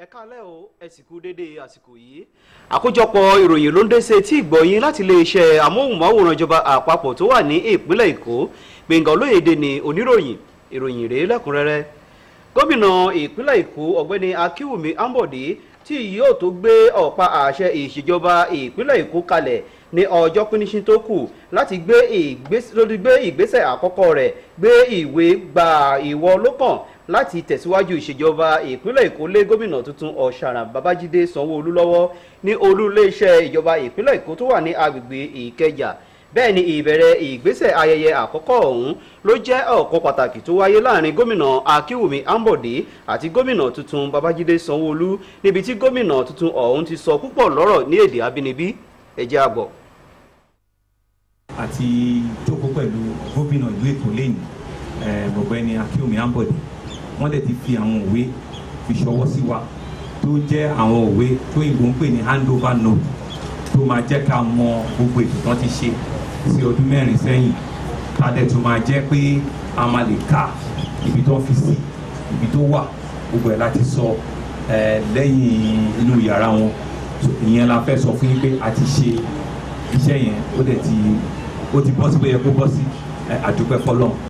ẹ kálẹ́ o ẹ sì kú dédé àsìkò yìí àkójọpọ̀ ìròyìn ló ń dẹ́sẹ̀ tí ìgbọ̀yìn láti iléeṣẹ́ amóhùnmáwòrán ìjọba àpapọ̀ tó wà ní ìpínlẹ̀ èkó gbẹ̀ngàn olóyèdè ní oníròyìn ìròyìn rèé lẹ́kùnrẹ́rẹ́ gómìnà ìpínlẹ̀ èkó ọ̀gbẹ́ni akínwùmí ambode tí yóò tó gbé ọ̀pá àṣẹ ìṣèjọba ìpínlẹ̀ èkó kalẹ̀ ní ọjọ́ pínísín tó kù láti gbé ìgbésẹ̀ àkọ́kọ́ rẹ̀ gbé ìwé gba ìwọ lókàn láti tẹ̀síwájú ìṣèjọba ìpínlẹ̀ èkó lé gómìnà tuntun ọ̀sàràn babájídé sanwó-olú lọ́wọ́ ní olú iléeṣẹ́ ìjọba ìpínlẹ̀ èkó tó wà ní agbègbè ìkẹjà bẹ́ẹ̀ ni ìbẹ̀rẹ̀ ìgbésẹ̀ ayẹyẹ àkọ́kọ́ ọ̀hún ló jẹ́ ọ̀kan pàtàkì tó wáyé láàrin gómìnà akínwùmí ambode àti gómìnà tuntun babájídé sanwó-olú níbi tí gómìnà tuntun ọ̀hún ti sọ púpọ̀ lọ́rọ̀ ní èdè abínibí ẹ̀jẹ̀ àbọ̀ àti jókòó pẹ̀lú gómìnà ìlú Èkó lẹ́yìn ọ̀gbẹ́ni Akínwùmí Ambode wọ́n dẹ̀ ti fi àwọn òwe fi ṣọwọ́ sí wa tó jẹ́ àwọn òwe tó ìbò ń pè ní handover note tó máa jẹ́ ká mọ gbogbo ètò tán ti ṣe sí ọdún mẹ́rin sẹ́yìn ká dẹ̀ tó máa jẹ́ pé a máa lè kà ibi tó fi sí ibi tó wà gbogbo ẹ̀ láti sọ lẹ́yìn inú yàrá wọn ìyẹn la fẹ́ sọ fún yín pé a ti ṣe iṣẹ́ yẹn ó dẹ̀ ti ó ti bọ́ sí pé yẹ kó bọ́ sí àdúpẹ́ fọlọ́n